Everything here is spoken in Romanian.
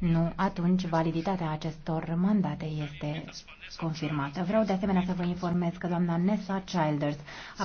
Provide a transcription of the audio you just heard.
nu, atunci validitatea acestor mandate este confirmată. Vreau de asemenea să vă informez că doamna Nessa Childers a